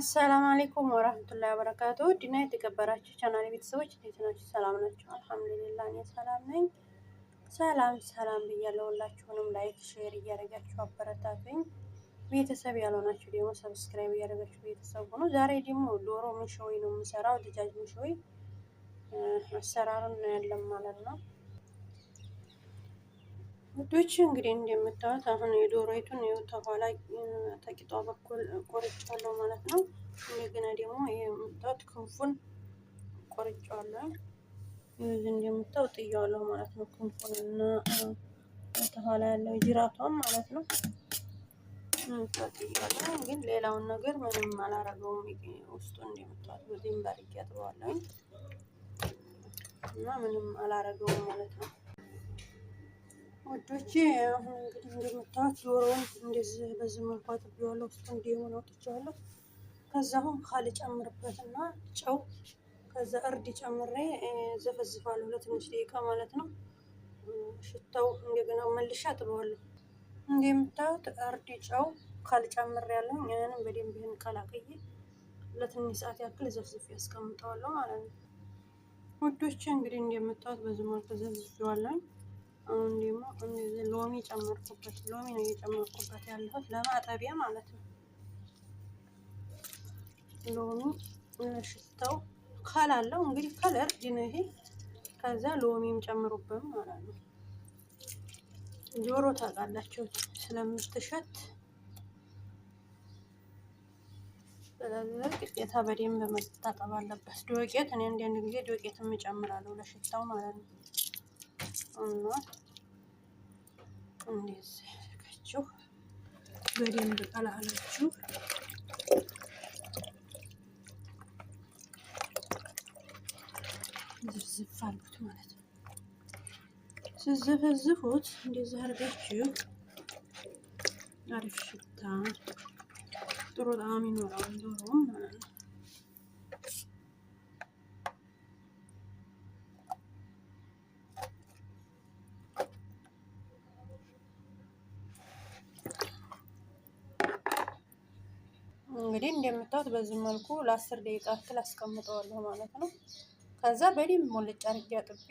አሰላም አሌይኩም ወራህመቱላሂ ወበረካቱ ድና የተከበራችሁ ቻናል ቤተሰቦች እንዴት ናችሁ? ሰላም ናችሁ? አልሐምዱሊላህ እኔ ሰላም ነኝ። ሰላም ሰላም ብያለሁ። ሁላችሁንም ላይክ ሼር እያደረጋችሁ አበረታቱኝ። ቤተሰብ ያልሆናችሁ ደግሞ ሰብስክራይብ እያደረጋችሁ ቤተሰብ ሆኖ ዛሬ ደግሞ ዶሮ ምንሸወይ ነው የምሰራው። ድጃጅ ምንሸወይ አሰራሩን እናያለን ማለት ነው። ውዶች እንግዲህ እንደምታዩት አሁን የዶሮይቱን ይኸው ተኋላ ተቂጧ በኩል ቆርጫለሁ ማለት ነው። እንደገና ደግሞ ይሄ የምታዩት ክንፉን ቆርጫለሁ። ይህ እንደምታው ጥያለሁ ማለት ነው። ክንፉን እና ተኋላ ያለው ጅራቷን ማለት ነው። ምታዩት ጥያለሁ፣ ግን ሌላውን ነገር ምንም አላረገውም። ውስጡ እንደምታዩት በዚህም በርጌ አጥበዋለሁ እና ምንም አላረገውም ማለት ነው። ወዶቼ አሁን እንግዲህ እንደምታዩት ዶሮውን እንደዚህ በዚህ መልኩ አጥቤዋለሁ። ውስጡ እንዲሆን አውጥቼዋለሁ። ከዛ አሁን ካል ጨምርበትና ጨው፣ ከዛ እርድ ጨምሬ ዘፈዝፋለሁ ለትንሽ ደቂቃ ማለት ነው። ሽታው እንደገና መልሼ አጥበዋለሁ። እንደምታዩት እርድ፣ ጨው፣ ካል ጨምሬ ያለሁ ያንን በደንብ ይህን ቀላቅዬ ለትንሽ ሰዓት ያክል ዘፍዝፌ ያስቀምጠዋለሁ ማለት ነው። ወዶቼ እንግዲህ እንደምታዩት በዚህ መልኩ ዘፍዝፌዋለሁ። አሁን ደግሞ ሎሚ ጨመርኩበት። ሎሚ ነው እየጨመርኩበት ያለሁት ለማጠቢያ ማለት ነው። ሎሚ ለሽታው ካላለው እንግዲህ ከለር ድን ይሄ ከዛ ሎሚም ጨምሩበት ማለት ነው። ጆሮ ታውቃላችሁ ስለምትሸት ስለዚህ ቅጤታ በደንብ መታጠብ አለበት። ዶቄት እኔ አንዳንድ ጊዜ ዶቄትም የምጨምራለሁ ለሽታው ማለት ነው። እና እንደዚህ አድርጋችሁ በደንብ ቀላቅላችሁ ዝብዝብ አድርጉት ማለት ነው። ስዘፈዝፉት እንደዚህ አድርጋችሁ አሪፍ ሽታ ጥሩ ጣዕም ይኖረዋል ዶሮው ማለት ነው። በመንካት በዚህ መልኩ ለአስር ደቂቃ ያክል አስቀምጠዋለሁ ማለት ነው። ከዛ በደንብ ሞልጭ አድርጌ አጥቤ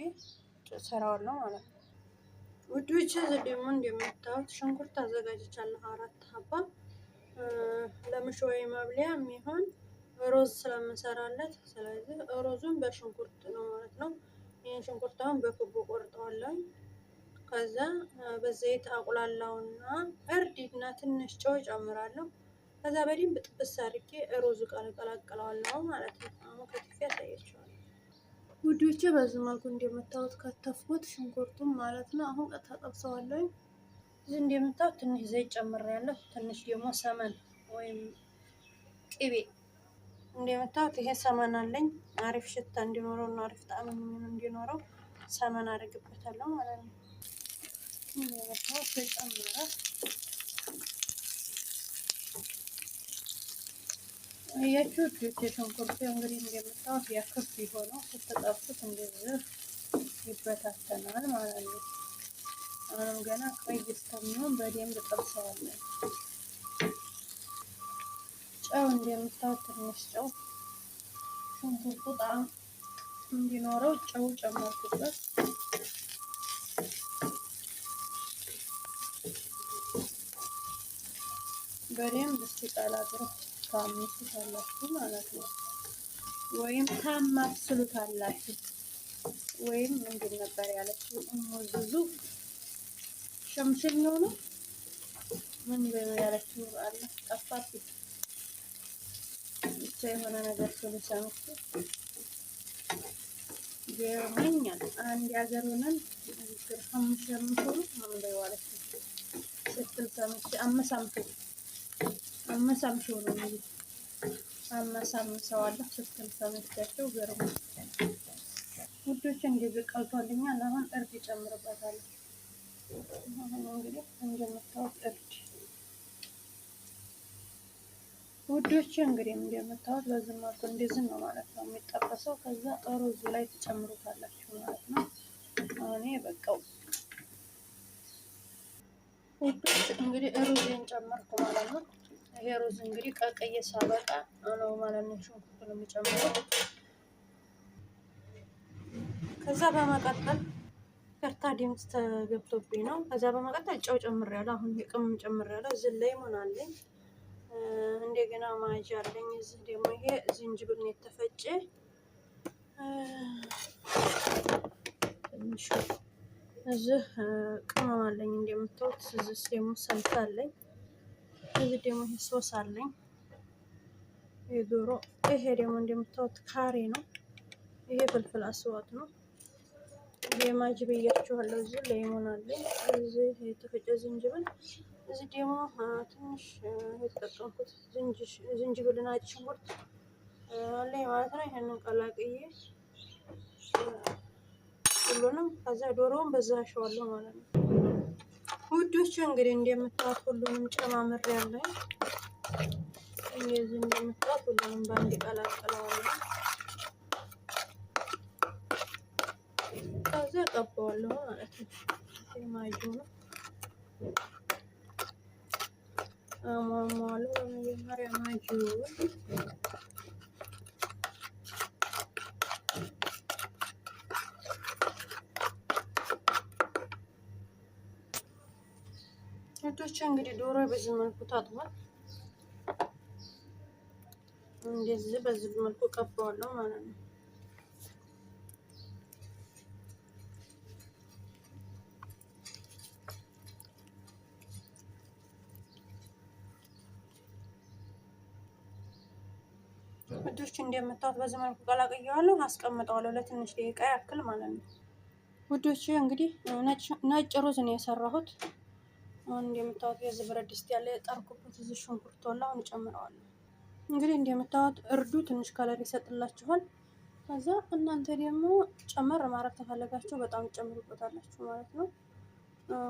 ሰራዋለሁ ማለት ነው። ውዶች እዚህ ደግሞ እንደምታዩት ሽንኩርት አዘጋጅቻለሁ አራት ሀባ ለምሾ ወይ ማብሊያ የሚሆን ሮዝ ስለምሰራለት፣ ስለዚህ ሮዙን በሽንኩርት ነው ማለት ነው። ይህን ሽንኩርት አሁን በክቡ ቆርጠዋለሁ። ከዛ በዘይት አቁላላውና እርድ እርድና ትንሽ ጨው ጨምራለሁ። ከዛ በደንብ ጥብስ አድርጌ ሮዝ ጋር እቀላቅለዋለሁ ማለት ነው። አሁን ከትፌ ያሳያቸዋል ውዶቼ። በዚህ መልኩ እንደምታዩት ከተፍኩት ሽንኩርቱ ማለት ነው። አሁን ቀጥታ እዚህ እንደምታዩት ትንሽ ዘይት ጨምሬያለሁ። ትንሽ ደግሞ ሰመን ወይም ቅቤ እንደምታዩት ይሄ ሰመን አለኝ። አሪፍ ሽታ እንዲኖረው እና አሪፍ ጣዕም እንዲኖረው ሰመን አድርግበታለሁ ማለት ነው። እንደምታዩት ተጨምረ አያችሁት ሽንኩርቱ እንግዲህ እንደምታዩት ያክብ የሆነው ስትጠብሱት እንደዚህ ይበታተናል ማለት ነው። አሁንም ገና ቀይ እስከሚሆን በደንብ ጠብሰዋለን። ጨው እንደምታዩት ትንሽ ጨው ሽንኩርቱ ጣም እንዲኖረው ጨው ጨመርኩበት። በደንብ እስኪቀላቅለው ታማስሉታላችሁ ማለት ነው። ወይም ታማስሉታላችሁ ወይም ምንድን ነበር ያለችው? እሙ ሙዙዙ ሸምሽል ነው ነው ምን ያለችው? አለ ጠፋች። ብቻ የሆነ ነገር ስለሰምኩ ገርሞኛል። አንድ ሀገር ሆነን ንግግር ከምሸምሽሉ ምን በዋለች ስትል ሰምቼ አመሳምቱ አመሳምሽው ነው እንግዲህ አመሳምሰዋለሁ። ሶስቱን ሰምቻቸው ገርሞ ውዶች እንደዚህ ቀልቷልኛ። አሁን እርድ እጨምርበታለሁ። አሁን እንግዲህ እንደምታወቅ እርድ ውዶች እንግዲህ እንደምታወት በዚህ መልኩ እንደዚህ ነው ማለት ነው የሚጠበሰው። ከዛ ሩዙ ላይ ትጨምሩታላችሁ ማለት ነው። አሁን በቃው ውዶች እንግዲህ ሩዝን ጨመርኩ ማለት ነው። ይሄ ሩዝ እንግዲህ ቀቅዬ ሳበቃ ነው ማለት ነው። ሽንኩርት ነው የሚጨምረው። ከዛ በመቀጠል ከርታ ድምፅ ተገብቶብኝ ነው። ከዛ በመቀጠል ጨው ጨምሬያለሁ። አሁን ቅመም ጨምሬያለሁ። እዚህ ላይ ምን አለኝ እንደገና ማጅ አለኝ። እዚህ ደግሞ ይሄ ዝንጅብል ነው የተፈጨ እዚህ ቅመም አለኝ እንደምታዩት። እዚህ ደግሞ ሰልፍ አለኝ እዚህ ደግሞ ይሄ ሶስ አለኝ የዶሮ። ይሄ ደግሞ እንደምታዩት ካሬ ነው። ይሄ ፍልፍል አስዋት ነው። የማጅ ብያችኋለሁ። እዚህ ሌሞን አለኝ። እዚህ የተፈጨ ዝንጅብል፣ እዚህ ደግሞ ትንሽ የተጠቀምኩት ዝንጅብል ነጭ ሽንኩርት አለኝ ማለት ነው። ይህንን ቀላቅዬ ሁሉንም ከዚያ ዶሮውን በዛ አሸዋለሁ ማለት ነው። ውዶች እንግዲህ እንደምታዩት ሁሉንም ጨማምር ያለ እንደዚህ እንደምታዩት ሁሉንም በአንድ ቀላቀለዋለሁ። ከዛ ቀባዋለሁ ማለት ነው። ማጁ ነው አሟሟለሁ በመጀመሪያ ብቻ እንግዲህ ዶሮ በዚህ መልኩ ታጥቧል። እንደዚህ በዚህ መልኩ ቀባዋለሁ ማለት ነው። ውዶች እንደምታዩት በዚህ መልኩ ቀላቅየዋለሁ፣ አስቀምጠዋለሁ ለትንሽ ደቂቃ ያክል ማለት ነው። ውዶች እንግዲህ ነጭ ሩዝ ነው የሰራሁት። አሁን እንደምታዩት የዚህ ብረት ድስት ያለ የጠርኩበት እዚህ ሽንኩርት ወላ አሁን እጨምረዋለሁ። እንግዲህ እንደምታዩት እርዱ ትንሽ ከለር ይሰጥላችኋል። ከዛ እናንተ ደግሞ ጨመር ማድረግ ተፈለጋችሁ በጣም ጨምሩበታላችሁ ማለት ነው።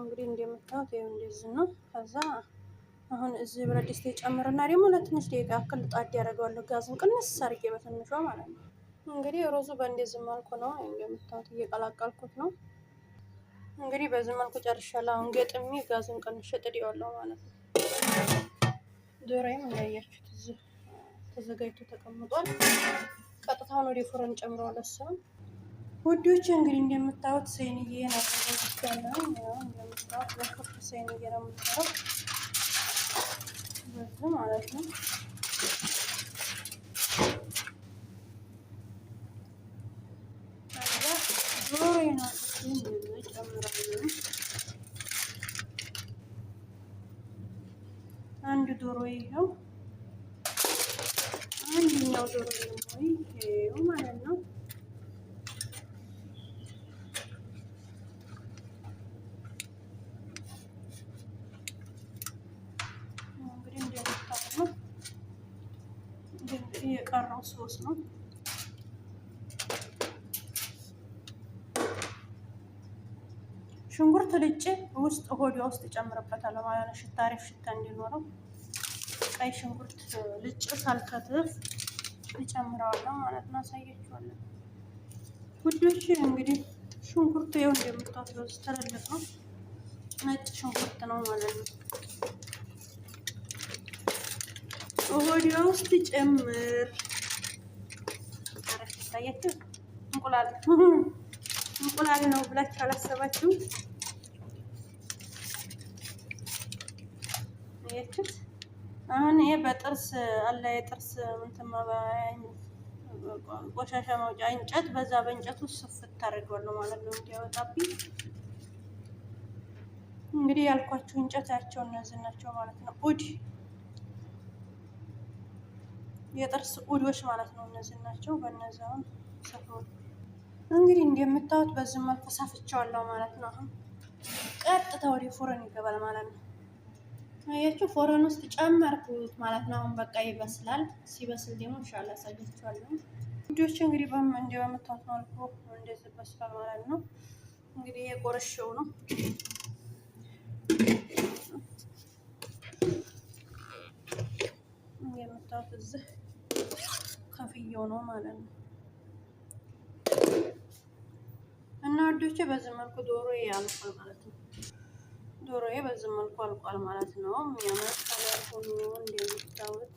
እንግዲህ እንደምታዩት ይሄው እንደዚህ ነው። ከዛ አሁን እዚህ ብረት ድስት ጨምርና ደግሞ ለትንሽ ደቂቃ ያክል ጣድ ያደርገዋለሁ። ጋዝን ቅንስ አድርጌ በትንሿ ማለት ነው። እንግዲህ ሮዙ በእንደዚህ መልኩ ነው እንደምታዩት እየቀላቀልኩት ነው። እንግዲህ በዚህ መልኩ ጨርሻለሁ። አሁን ገጥሜ ጋዝን ቀንሼ ጥድዋለሁ ማለት ነው። ዶሮዬም እንዳያችሁት እዚህ ተዘጋጅቶ ተቀምጧል። ቀጥታውን ወደ ፉረን ጨምረዋለሁ። እሱን ውዶች እንግዲህ እንደምታዩት ሰይንዬን አዘጋጅቻለሁ። እንደምታዩት በክብ ሰይንዬ ነው የምታዩት በዚህ ማለት ነው። አንድ ዶሮ ይኸው አንድኛው ዶሮ ይኸው ማለት ነው። እንግዲህ እንደሚታየው የቀረው ሶስ ነው። ሽንኩርት ልጭ ውስጥ ሆዲያ ውስጥ ጨምርበታለሁ ማለት ነው። ሽታ አሪፍ ሽታ እንዲኖረው ቀይ ሽንኩርት ልጭ ሳልከትፍ እጨምረዋለሁ ማለት ነው። አሳያችኋለሁ ውዶች። እንግዲህ ሽንኩርት ይኸው እንደምታወት በዙ ትልልቅ ነው፣ ነጭ ሽንኩርት ነው ማለት ነው። ሆዲያ ውስጥ ጨምር አረፍ እንቁላል እንቁላል ነው ብላችሁ አላሰባችሁም? ያችት አሁን ይሄ በጥርስ አለ የጥርስ እንትን ቆሻሻ መውጫ እንጨት በዛ በእንጨቱ ስፍት ታደርገዋለሁ ማለት ነው እንዲያወጣብኝ። እንግዲህ ያልኳቸው እንጨት ያቸው እነዚህ ናቸው ማለት ነው። ኡድ የጥርስ ኡዶች ማለት ነው እነዚህ ናቸው። በእነዚያውን ሰፍሮ እንግዲህ እንደምታዩት በዚህ መልኩ ሰፍቼዋለሁ ማለት ነው። አሁን ቀጥታ ወደ ፉረን ይገባል ማለት ነው። አያችሁ ፎረን ውስጥ ጨመርኩት ማለት ነው። አሁን በቃ ይበስላል። ሲበስል ደግሞ ኢንሻአላ አሳያችኋለሁ። ልጆች እንግዲህ በም እንደው የምታውቁ አልኩ እንደዚህ በስሏል ማለት ነው። እንግዲህ የቆረሸው ነው የምታውቁ እዚህ ከፍየው ነው ማለት ነው። እና ልጆች በዚህ መልኩ ዶሮ ያልፋል ማለት ነው። ዶሮዬ በዚህ መልኩ አልቋል ማለት ነው። የሚያምር ከለር ሆኖ እንደምታዩት